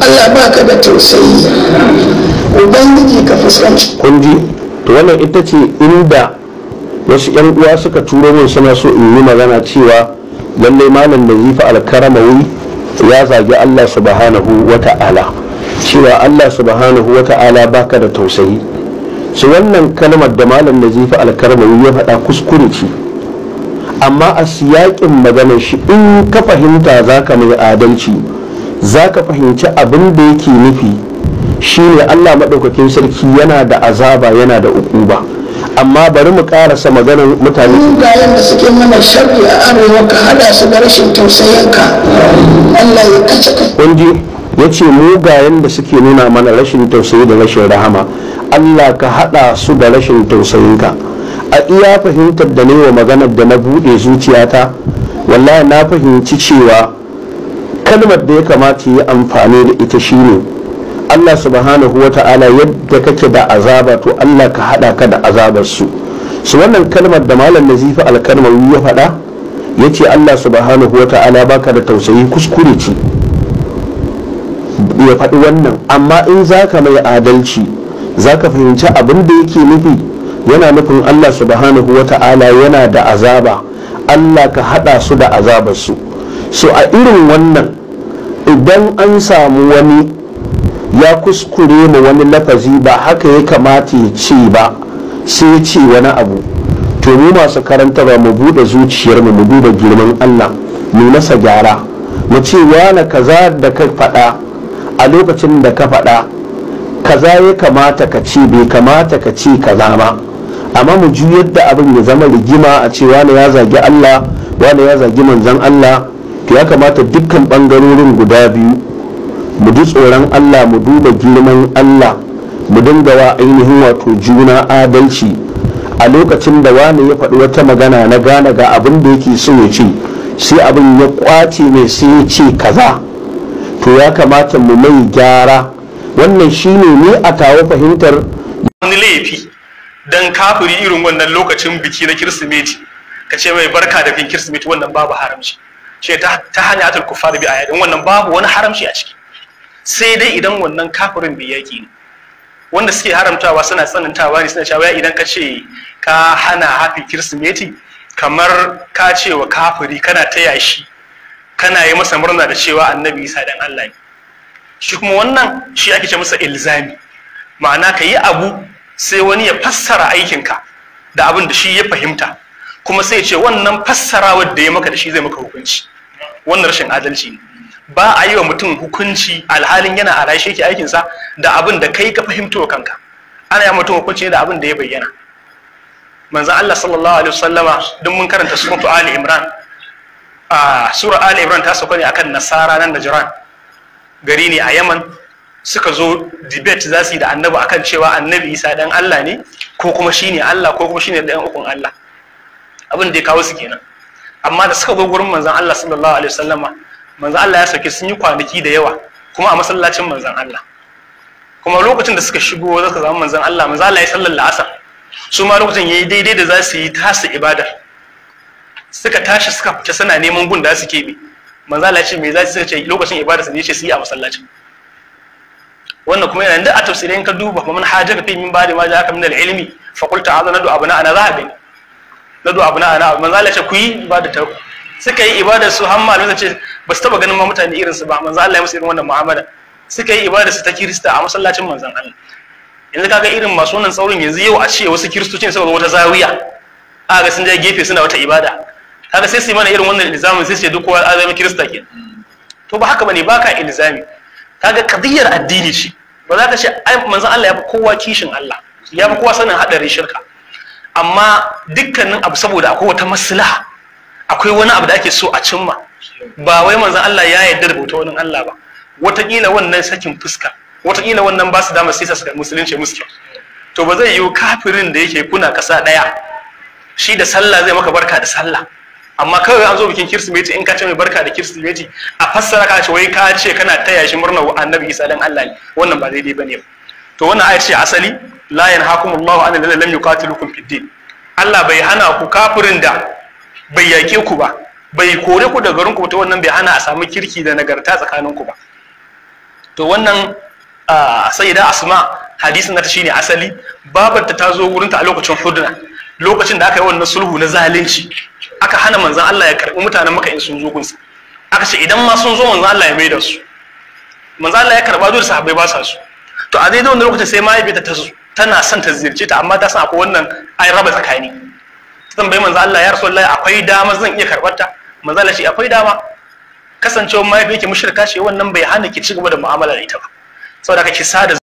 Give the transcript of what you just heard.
Allah baka da tausayi ubangiji ka fuskanci kun ji to wannan ita ce inda wasu yan uwa suka turo min suna so in yi magana cewa lallai malam da nazifa alkaramawi ya zagi Allah subhanahu wa ta'ala cewa Allah subhanahu wa ta'ala baka da tausayi su wannan kalmar da malam da nazifa alkaramawi ya faɗa kuskure ce amma a siyaƙin maganar shi in ka fahimta za ka mai adalci za ka fahimci abin da yake nufi shine allah maɗaukakin sarki yana da azaba yana da ukuba amma bari mu ƙarasa maganar mutane mugayen da suke mana sharri a arewa ka hada su da rashin tausayinka allah ya kace kunji ya ce mugayen da suke nuna mana rashin tausayi da rashin rahama allah ka hada su da rashin tausayinka a iya fahimtar da ne wa maganar da na buɗe zuciyata wallahi na fahimci cewa kalmar da ya kamata yi amfani da ita shine Allah subhanahu wa ta'ala yadda kake da azaba to Allah ka hada ka da azabar su su wannan kalmar da malam nazifa alkalmawi ya faɗa ya ce Allah subhanahu wa ta'ala baka da tausayi kuskure ce ya faɗi wannan amma in za ka mai adalci za ka fahimci abin da yake nufi yana nufin Allah subhanahu wa ta'ala yana da azaba Allah ka hada su da azabar su so a irin wannan idan an samu wani ya kuskure mu wani lafazi ba haka ya kamata ya ce ba sai ya ce wani abu to mu masu karanta ba mu bude zuciyar mu duba girman Allah mu masa gyara mu ce wani kaza da ka faɗa a lokacin da ka faɗa kaza ya kamata ka ce bai kamata ka ce kaza ba amma mu juyar yadda abin ya zama rigima a ce wani ya zagi Allah wani ya zagi manzon Allah ya kamata dukkan bangarorin guda biyu mu ji tsoron allah mu duba girman allah mu dinga wa ainihin wato juna adalci a lokacin da wani ya faɗi wata magana na gane ga abin da yake so ya ce sai abin ya kwace mai sai ya ce kaza to ya kamata mu mai gyara wannan shine ne a kawo fahimtar wani laifi dan kafiri irin wannan lokacin biki na kirsimeti ka ce mai barka da fin kirsimeti wannan babu haramci shi ta hanya atul kufar bi In wannan babu wani haramci a ciki sai dai idan wannan kafirin bai yaki ne wanda suke haramtawa suna tsanantawa ne suna cewa idan ka ce ka hana hafi kirsimeti kamar ka ce wa kafiri kana ta yashi, kana yi masa murna da cewa annabi isa dan Allah ne shi kuma wannan shi ake ce masa ilzami ma'ana ka yi abu sai wani ya fassara aikinka da abin da shi ya fahimta kuma sai ce wannan fassarawar da ya maka da shi zai maka hukunci wannan rashin adalci ne ba a yi wa mutum hukunci alhalin yana a rashe ki aikinsa da abin da kai ka fahimto kanka ana yi mutum hukunci da abin da ya bayyana manzo Allah sallallahu alaihi wasallama duk mun karanta suratu Ali Imran a sura Ali Imran ta sauka ne akan nasara nan da jiran gari ne a Yaman suka zo debate za su yi da annabi akan cewa annabi Isa dan Allah ne ko kuma shine Allah ko kuma shine dan ukun Allah abin da ya kawo su kenan amma da suka zo gurin manzon Allah sallallahu alaihi wasallama manzon Allah ya sauke sun yi kwanaki da yawa kuma a masallacin manzon Allah kuma lokacin da suka shigo za ka zama manzon Allah manzon Allah ya sallar la'asar su ma lokacin yayi daidai da za su yi ta tasu ibadar suka tashi suka fita suna neman gun da suke bi, manzon Allah ya ce me za su ce lokacin ibadar su ne ce su yi a masallacin wannan kuma yana da a tafsirin ka duba man hajaka fi min ba'di ma ja'aka min al-ilmi fa qul ta'ala nadu abana ana zahabin Na abu na ana abu manzala ya ce ku yi ibada ta suka yi ibada su hamma malamai ce ba su taba ganin ma mutane irin su ba manzala Allah ya musu irin wannan mu'amala suka yi ibada su ta kirista a masallacin Manzan Allah yanzu kaga irin masu wannan tsaurin yanzu yau a ce wasu kiristocin suka wata zawiya a ga sun je gefe suna wata ibada kaga sai su yi mana irin wannan ilzamin sai su ce duk kowa azami kirista ke to ba haka bane ilizami? ilzami kaga kadiyar addini shi ba za ka ce manzan Allah ya fi kowa kishin Allah ya fi kowa sanin hadarin shirka amma dukkanin abu saboda akwai wata maslaha akwai wani abu da ake so a cimma ba wai manzon Allah ya yarda da bauta wani Allah ba wataƙila wannan sakin fuska wataƙila wannan ba su dama sai su musulunci musu to ba zai yiwu kafirin da yake kuna ƙasa ɗaya shi da sallah zai maka barka da sallah amma kawai an zo bikin kirsimeti in ka ce mai barka da kirsimeti a fassara ka ce wai ka ce kana taya shi murnar annabi isa dan Allah ne wannan ba daidai bane to wannan aya ce asali la yanhakumullahu an alladhina lam yuqatilukum fid din Allah bai hana ku kafirin da bai yake ku ba bai kore ku da garin ku ta wannan bai hana a samu kirki da nagarta tsakanin ku ba to wannan sayyida asma hadisin nata shine asali babarta ta zo wurin ta a lokacin hudna lokacin da aka yi wannan sulhu na zalunci aka hana manzon Allah ya karbi mutanen maka in sun zo gunsa aka ce idan ma sun zo manzon Allah ya mai da su manzon Allah ya karba dole sahabbai ba sa su to a daidai wannan lokacin sai mahaifiyarta ta zo tana son ta ziyarce ta amma ta san akwai wannan ai raba tsakani ta bai manzo Allah ya rasulullahi akwai dama zan iya karbar ta manzo Allah shi akwai dama mai yake mushrika shi wannan bai hana ki cigaba da mu'amala da ita ba saboda kake sa sada